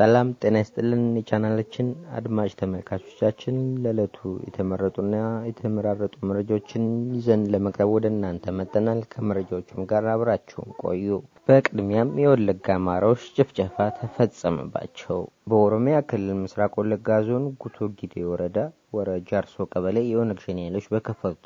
ሰላም ጤና ይስጥልን የቻናላችን አድማጭ ተመልካቾቻችን፣ ለዕለቱ የተመረጡና የተመራረጡ መረጃዎችን ይዘን ለመቅረብ ወደ እናንተ መጠናል። ከመረጃዎቹም ጋር አብራችሁን ቆዩ። በቅድሚያም የወለጋ አማራዎች ጭፍጨፋ ተፈጸመባቸው። በኦሮሚያ ክልል ምስራቅ ወለጋ ዞን ጉቶ ጊዴ ወረዳ ወረ ጃርሶ ቀበሌ የኦነግ ሸኔ ኃይሎች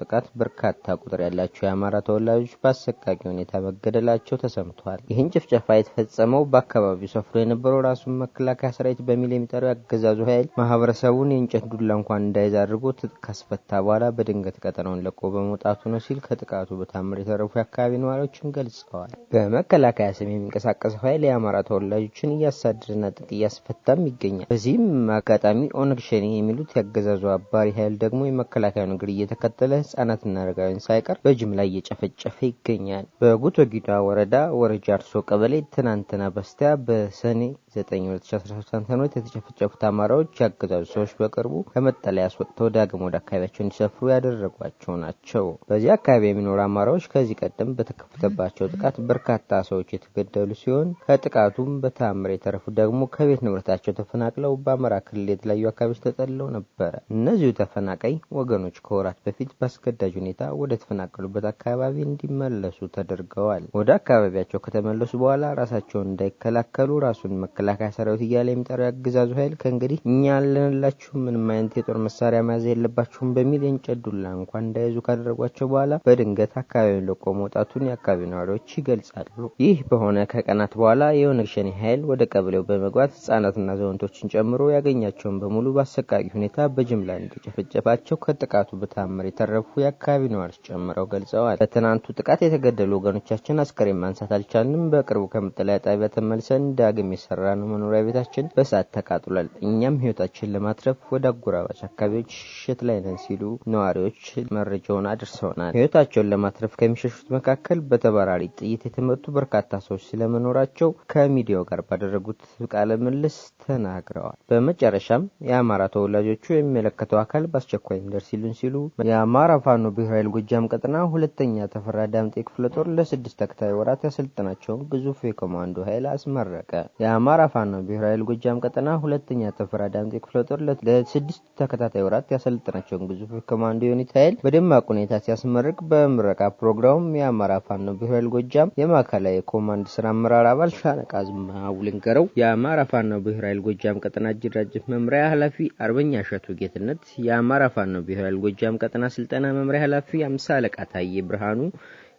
ጥቃት በርካታ ቁጥር ያላቸው የአማራ ተወላጆች በአሰቃቂ ሁኔታ መገደላቸው ተሰምቷል። ይህን ጭፍጨፋ የተፈጸመው በአካባቢው ሰፍሮ የነበረው ራሱን መከላከያ ሰራዊት በሚል የሚጠራው ያገዛዙ ኃይል ማህበረሰቡን የእንጨት ዱላ እንኳን እንዳይዝ አድርጎ ትጥቅ ካስፈታ በኋላ በድንገት ቀጠናውን ለቆ በመውጣቱ ነው ሲል ከጥቃቱ በታምር የተረፉ የአካባቢ ነዋሪዎችን ገልጸዋል። በመከላከያ ስም የሚንቀሳቀሰው ኃይል የአማራ ተወላጆችን እያሳደደና ትጥቅ እያስፈታም ይገኛል። በዚህም አጋጣሚ ኦነግ ሸኔ የሚሉት ያገዛዙ ባባሪ ኃይል ደግሞ የመከላከያውን እግር እየተከተለ ህጻናትና አረጋውያን ሳይቀር በጅምላ እየጨፈጨፈ ይገኛል። በጉቶጊዳ ወረዳ ወረጃ አርሶ ቀበሌ ትናንትና በስቲያ በሰኔ 9/2013 ዓ.ም የተጨፈጨፉት አማራዎች ያገዛዙ ሰዎች በቅርቡ ከመጠለያ አስወጥተው ዳግም ወደ አካባቢያቸው እንዲሰፍሩ ያደረጓቸው ናቸው። በዚህ አካባቢ የሚኖሩ አማራዎች ከዚህ ቀደም በተከፈተባቸው ጥቃት በርካታ ሰዎች የተገደሉ ሲሆን ከጥቃቱም በተአምር የተረፉ ደግሞ ከቤት ንብረታቸው ተፈናቅለው በአማራ ክልል የተለያዩ አካባቢዎች ተጠልለው ነበረ። እነዚሁ ተፈናቃይ ወገኖች ከወራት በፊት በአስገዳጅ ሁኔታ ወደ ተፈናቀሉበት አካባቢ እንዲመለሱ ተደርገዋል። ወደ አካባቢያቸው ከተመለሱ በኋላ ራሳቸውን እንዳይከላከሉ ራሱን መከላከል መከላከያ ሰራዊት እያለ የሚጠራው የአገዛዙ ኃይል ከእንግዲህ እኛ ያለንላችሁ ምንም አይነት የጦር መሳሪያ መያዝ የለባችሁም በሚል የእንጨት ዱላ እንኳን እንዳይዙ ካደረጓቸው በኋላ በድንገት አካባቢውን ለቆ መውጣቱን የአካባቢ ነዋሪዎች ይገልጻሉ። ይህ በሆነ ከቀናት በኋላ የኦነግ ሸኔ ኃይል ወደ ቀበሌው በመግባት ህጻናትና ዘወንቶችን ጨምሮ ያገኛቸውን በሙሉ በአሰቃቂ ሁኔታ በጅምላ እንደጨፈጨፋቸው ከጥቃቱ በተአምር የተረፉ የአካባቢ ነዋሪዎች ጨምረው ገልጸዋል። በትናንቱ ጥቃት የተገደሉ ወገኖቻችን አስከሬን ማንሳት አልቻልንም። በቅርቡ ከመጠለያ ጣቢያ ተመልሰን ዳግም የሰራ የሰራኑ መኖሪያ ቤታችን በእሳት ተቃጥሏል። እኛም ህይወታችን ለማትረፍ ወደ አጎራባች አካባቢዎች ሽሽት ላይ ነን ሲሉ ነዋሪዎች መረጃውን አድርሰውናል። ህይወታቸውን ለማትረፍ ከሚሸሹት መካከል በተባራሪ ጥይት የተመቱ በርካታ ሰዎች ስለመኖራቸው ከሚዲያው ጋር ባደረጉት ቃለ ምልልስ ተናግረዋል። በመጨረሻም የአማራ ተወላጆቹ የሚመለከተው አካል በአስቸኳይ ይደርስ ሲሉን ሲሉ የአማራ ፋኖ ብሔራዊ ኃይል ጎጃም ቀጠና ሁለተኛ ተፈራ ዳምጤ ክፍለ ጦር ለስድስት ተከታይ ወራት ያሰልጠናቸውን ግዙፍ የኮማንዶ ኃይል አስመረቀ። የአማራ ፋኖ ብሔራዊ ኃይል ጎጃም ቀጠና ሁለተኛ ተፈራ ዳምጤ ክፍለ ጦር ለስድስት ተከታታይ ወራት ያሰለጠናቸውን ግዙፍ ኮማንዶ ዩኒት ኃይል በደማቅ ሁኔታ ሲያስመርቅ በምረቃ ፕሮግራም የአማራ ፋኖ ብሔራዊ ኃይል ጎጃም የማዕከላዊ ኮማንድ ስራ አመራር አባል ሻለቃ ዝማ ውልንገረው፣ የአማራ ፋኖ ብሔራዊ ኃይል ጎጃም ቀጠና ጅራጅፍ መምሪያ ኃላፊ አርበኛ እሸቱ ጌትነት፣ የአማራ ፋኖ ብሔራዊ ኃይል ጎጃም ቀጠና ስልጠና መምሪያ ኃላፊ አምሳ አለቃ ታዬ ብርሃኑ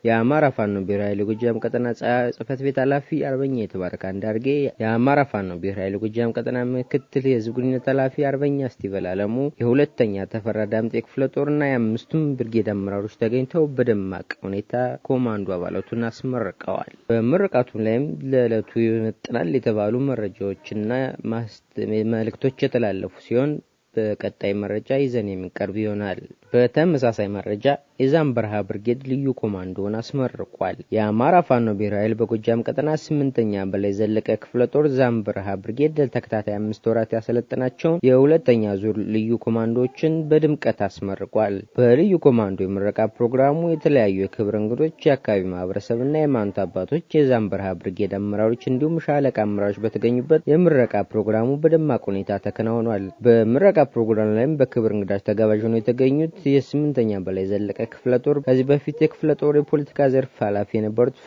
የአማራ ፋኖ ብሔራዊ ኃይል ጎጃም ቀጠና ጽህፈት ቤት ኃላፊ አርበኛ የተባረከ አንዳርጌ፣ የአማራ ፋኖ ብሔራዊ ኃይል ጎጃም ቀጠና ምክትል የህዝብ ግንኙነት ኃላፊ አርበኛ ስቲቨል አለሙ፣ የሁለተኛ ተፈራ ዳምጤ ክፍለ ጦርና የአምስቱም ብርጌድ አመራሮች ተገኝተው በደማቅ ሁኔታ ኮማንዶ አባላቱን አስመርቀዋል። በምርቃቱም ላይም ለዕለቱ ይመጥናል የተባሉ መረጃዎችና መልእክቶች የተላለፉ ሲሆን በቀጣይ መረጃ ይዘን የሚቀርብ ይሆናል። በተመሳሳይ መረጃ የዛምበርሃ በረሃ ብርጌድ ልዩ ኮማንዶን አስመርቋል። የአማራ ፋኖ ብሔራዊ ኃይል በጎጃም ቀጠና ስምንተኛ በላይ ዘለቀ ክፍለ ጦር ዛም በረሃ ብርጌድ ለተከታታይ አምስት ወራት ያሰለጠናቸውን የሁለተኛ ዙር ልዩ ኮማንዶዎችን በድምቀት አስመርቋል። በልዩ ኮማንዶ የምረቃ ፕሮግራሙ የተለያዩ የክብር እንግዶች፣ የአካባቢ ማህበረሰብና የሃይማኖት አባቶች፣ የዛምበርሃ በረሃ ብርጌድ አመራሮች እንዲሁም ሻለቃ አመራሮች በተገኙበት የምረቃ ፕሮግራሙ በደማቅ ሁኔታ ተከናውኗል። በምረቃ ፕሮግራም ላይም በክብር እንግዳች ተጋባዥ ሆነው የተገኙት የስምንተኛ በላይ ዘለቀ ክፍለ ጦር ከዚህ በፊት የክፍለ ጦር የፖለቲካ ዘርፍ ኃላፊ የነበሩት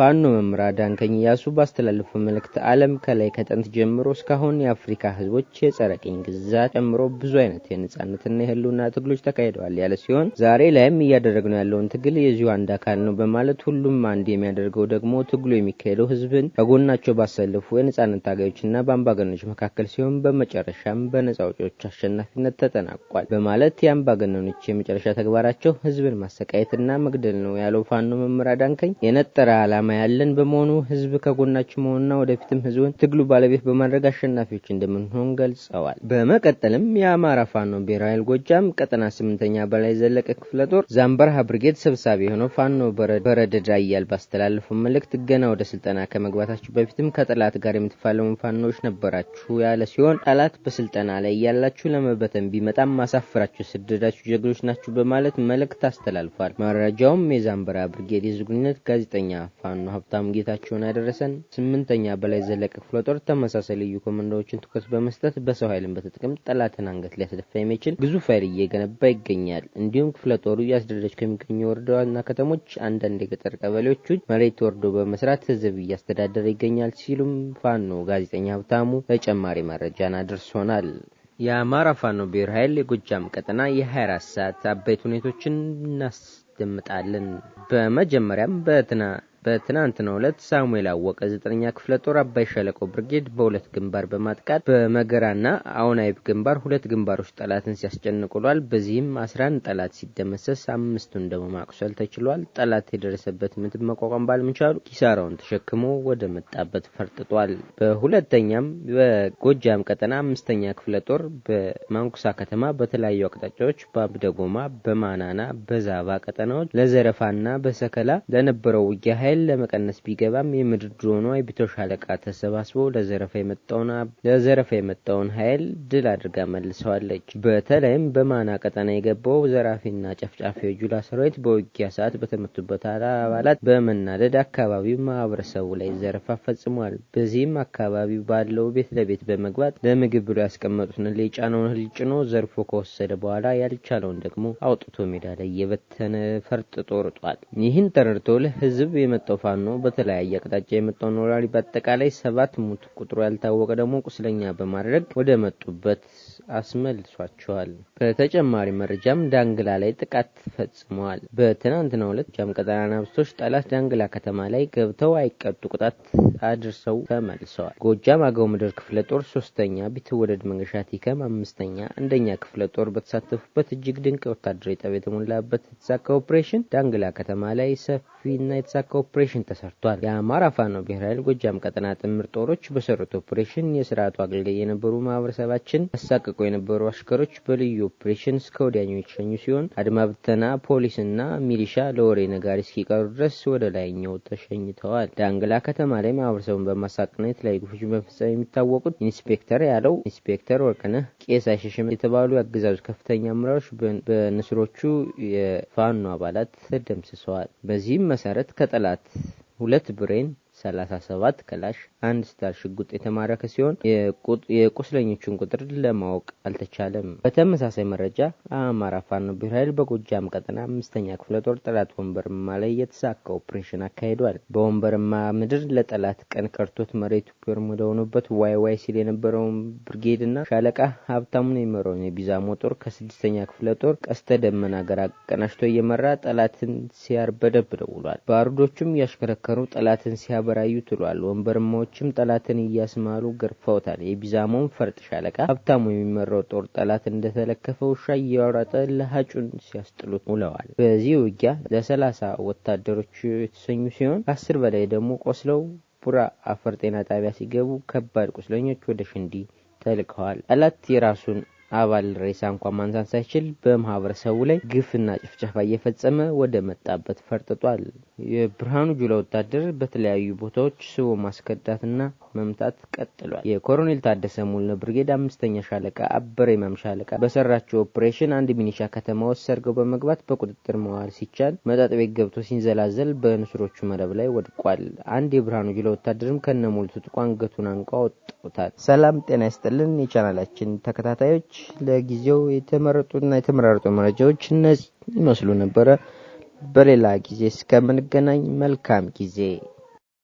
ፋኖ መምራ ዳንከኝ ያሱ ባስተላለፈው መልእክት ዓለም ከላይ ከጥንት ጀምሮ እስካሁን የአፍሪካ ህዝቦች የጸረ ቅኝ ግዛት ጨምሮ ብዙ አይነት የነጻነትና የህልውና ትግሎች ተካሂደዋል ያለ ሲሆን ዛሬ ላይም እያደረግነው ያለውን ትግል የዚሁ አንድ አካል ነው በማለት ሁሉም አንድ የሚያደርገው ደግሞ ትግሉ የሚካሄደው ህዝብን ከጎናቸው ባሰለፉ የነጻነት ታጋዮችና በአምባገኖች መካከል ሲሆን በመጨረሻም በነጻ አውጪዎች አሸ በአሸናፊነት ተጠናቋል በማለት የአምባገነኖች የመጨረሻ ተግባራቸው ህዝብን ማሰቃየትና መግደል ነው ያለው ፋኖ መምህር አዳንከኝ የነጠረ ዓላማ ያለን በመሆኑ ህዝብ ከጎናችሁ መሆንና ወደፊትም ህዝብን ትግሉ ባለቤት በማድረግ አሸናፊዎች እንደምንሆን ገልጸዋል። በመቀጠልም የአማራ ፋኖ ብሔራዊ ኃይል ጎጃም ቀጠና ስምንተኛ በላይ ዘለቀ ክፍለ ጦር ዛምበርሃ ብርጌድ ሰብሳቢ የሆነው ፋኖ በረደዳ እያል ባስተላለፈው መልእክት ገና ወደ ስልጠና ከመግባታችሁ በፊትም ከጠላት ጋር የምትፋለሙ ፋኖዎች ነበራችሁ ያለ ሲሆን ጠላት በስልጠና ላይ እያላችሁ እየተጨለመበትም ቢመጣም ማሳፍራችሁ የሰደዳችሁ ጀግኖች ናችሁ በማለት መልእክት አስተላልፏል። መረጃውም የዛምበራ ብርጌድ የህዝብ ጋዜጠኛ ፋኖ ሀብታም ጌታቸውን ያደረሰን። ስምንተኛ በላይ ዘለቀ ክፍለ ጦር ተመሳሳይ ልዩ ኮመንዶዎችን ትኩረት በመስጠት በሰው ኃይልን በተጠቅም ጠላትን አንገት ሊያስደፋ የሚችል ግዙፍ ኃይል እየገነባ ይገኛል። እንዲሁም ክፍለ ጦሩ እያስደረጅ ከሚገኙ ወረዳና ከተሞች አንዳንድ የገጠር ቀበሌዎች መሬት ወርዶ በመስራት ህዝብ እያስተዳደረ ይገኛል ሲሉም ፋኖ ጋዜጠኛ ሀብታሙ ተጨማሪ መረጃን አድርሶናል። የአማራ ፋኖ ብሔር ኃይል የጎጃም ቀጠና የ24 ሰዓት አበይት ሁኔቶችን እናስደምጣለን። በመጀመሪያም በትና በትናንትናው ዕለት ሳሙኤል አወቀ ዘጠነኛ ክፍለ ጦር አባይ ሸለቆ ብርጌድ በሁለት ግንባር በማጥቃት በመገራና አውናይብ ግንባር ሁለት ግንባሮች ጠላትን ሲያስጨንቅ ውሏል። በዚህም አስራ አንድ ጠላት ሲደመሰስ አምስቱን ደግሞ ማቁሰል ተችሏል። ጠላት የደረሰበት ምት መቋቋም ባለመቻሉ ኪሳራውን ተሸክሞ ወደ መጣበት ፈርጥጧል። በሁለተኛም በጎጃም ቀጠና አምስተኛ ክፍለ ጦር በማንኩሳ ከተማ በተለያዩ አቅጣጫዎች በአብደጎማ፣ በማናና፣ በዛባ ቀጠናዎች ለዘረፋና በሰከላ ለነበረው ውጊያ ኃይል ኃይል ለመቀነስ ቢገባም የምድር ድሮኗ የቢቶሽ አለቃ ተሰባስቦ ለዘረፋ የመጣውን ኃይል ድል አድርጋ መልሰዋለች። በተለይም በማና ቀጠና የገባው ዘራፊና ጨፍጫፊ የጁላ ሰራዊት በውጊያ ሰዓት በተመቱበት አባላት በመናደድ አካባቢው ማህበረሰቡ ላይ ዘረፋ ፈጽሟል። በዚህም አካባቢው ባለው ቤት ለቤት በመግባት ለምግብ ብሎ ያስቀመጡትን የጫነውን እህል ጭኖ ዘርፎ ከወሰደ በኋላ ያልቻለውን ደግሞ አውጥቶ ሜዳ ላይ የበተነ ፈርጥጦ ርጧል። ይህን ተረድቶ የመ የመጣው ፋኖ በተለያየ አቅጣጫ የመጣውን ወራሪ በአጠቃላይ ሰባት ሙት ቁጥሩ ያልታወቀ ደግሞ ቁስለኛ በማድረግ ወደ መጡበት አስመልሷቸዋል። በተጨማሪ መረጃም ዳንግላ ላይ ጥቃት ፈጽመዋል። በትናንትናው ዕለት ጃም ቀጠና ናብስቶች ጠላት ዳንግላ ከተማ ላይ ገብተው አይቀጡ ቅጣት አድርሰው ተመልሰዋል። ጎጃም አገው ምድር ክፍለ ጦር ሶስተኛ ቢትወደድ መንገሻ ቲከም አምስተኛ አንደኛ ክፍለ ጦር በተሳተፉበት እጅግ ድንቅ ወታደራዊ ጠብ የተሞላበት የተሳካ ኦፕሬሽን ዳንግላ ከተማ ላይ ሰፊና የተሳካ ኦፕሬሽን ተሰርቷል። የአማራ ፋኖ ብሔራዊ ኃይል ጎጃም ቀጠና ጥምር ጦሮች በሰሩት ኦፕሬሽን የስርዓቱ አገልጋይ የነበሩ ማህበረሰባችን ያሳቅቁ የነበሩ አሽከሮች በልዩ ኦፕሬሽን እስከ ወዲያኛው የተሸኙ ሲሆን አድማብተና ፖሊስና ሚሊሻ ለወሬ ነጋሪ እስኪቀሩ ድረስ ወደ ላይኛው ተሸኝተዋል። ዳንግላ ከተማ ላይ ማህበረሰቡን በማሳቅና የተለያዩ ግፎችን በመፈጸም የሚታወቁት ኢንስፔክተር ያለው ኢንስፔክተር ወርቅነህ ቄስ አይሸሽም የተባሉ የአገዛዙ ከፍተኛ አመራሮች በንስሮቹ የፋኖ አባላት ተደምስሰዋል። በዚህም መሰረት ከጠላት ولات ولات برين 37 ክላሽ አንድ ስታር ሽጉጥ የተማረከ ሲሆን የቁስለኞቹን ቁጥር ለማወቅ አልተቻለም። በተመሳሳይ መረጃ አማራ ፋኖ ብሔር ኃይል በጎጃም ቀጠና አምስተኛ ክፍለ ጦር ጠላት ወንበርማ ላይ የተሳካ ኦፕሬሽን አካሂዷል። በወንበርማ ምድር ለጠላት ቀን ከርቶት መሬቱ ፔር ወደሆኑበት ዋይ ዋይ ሲል የነበረውን ብርጌድና ሻለቃ ሀብታሙን የሚመራውን የቢዛሞ ጦር ከስድስተኛ ክፍለ ጦር ቀስተ ደመና ጋር አቀናጅቶ እየመራ ጠላትን ሲያርበደብደው ውሏል። ባሩዶቹም ያሽከረከሩ ጠላትን ሲያ አበራዩት ትሏል። ወንበርማዎችም ጠላትን እያስማሉ ገርፈውታል። የቢዛሞን ፈርጥ ሻለቃ ሀብታሙ የሚመራው ጦር ጠላት እንደተለከፈ ውሻ እያወራጠ ለሀጩን ሲያስጥሉት ውለዋል። በዚህ ውጊያ ለሰላሳ ወታደሮች የተሰኙ ሲሆን ከአስር በላይ ደግሞ ቆስለው ቡራ አፈር ጤና ጣቢያ ሲገቡ ከባድ ቁስለኞች ወደ ሽንዲ ተልከዋል። ጠላት የራሱን አባል ሬሳ እንኳን ማንሳት ሳይችል በማህበረሰቡ ላይ ግፍና ጭፍጨፋ እየፈጸመ ወደ መጣበት ፈርጥጧል። የብርሃኑ ጁላ ወታደር በተለያዩ ቦታዎች ስቦ ማስከዳትና መምታት ቀጥሏል። የኮሎኔል ታደሰ ሙልነ ብርጌድ አምስተኛ ሻለቃ አበረ ይማም ሻለቃ በሰራቸው ኦፕሬሽን አንድ ሚኒሻ ከተማ ውስጥ ሰርገው በመግባት በቁጥጥር መዋል ሲቻል መጠጥ ቤት ገብቶ ሲንዘላዘል በንስሮቹ መረብ ላይ ወድቋል። አንድ የብርሃኑ ጁላ ወታደርም ከነ ሙሉ ትጥቁ አንገቱን አንቋ ወጥቶታል። ሰላም ጤና ይስጥልን የቻናላችን ተከታታዮች ለጊዜው የተመረጡና የተመራረጡ መረጃዎች እነዚህ ይመስሉ ነበረ። በሌላ ጊዜ እስከምንገናኝ መልካም ጊዜ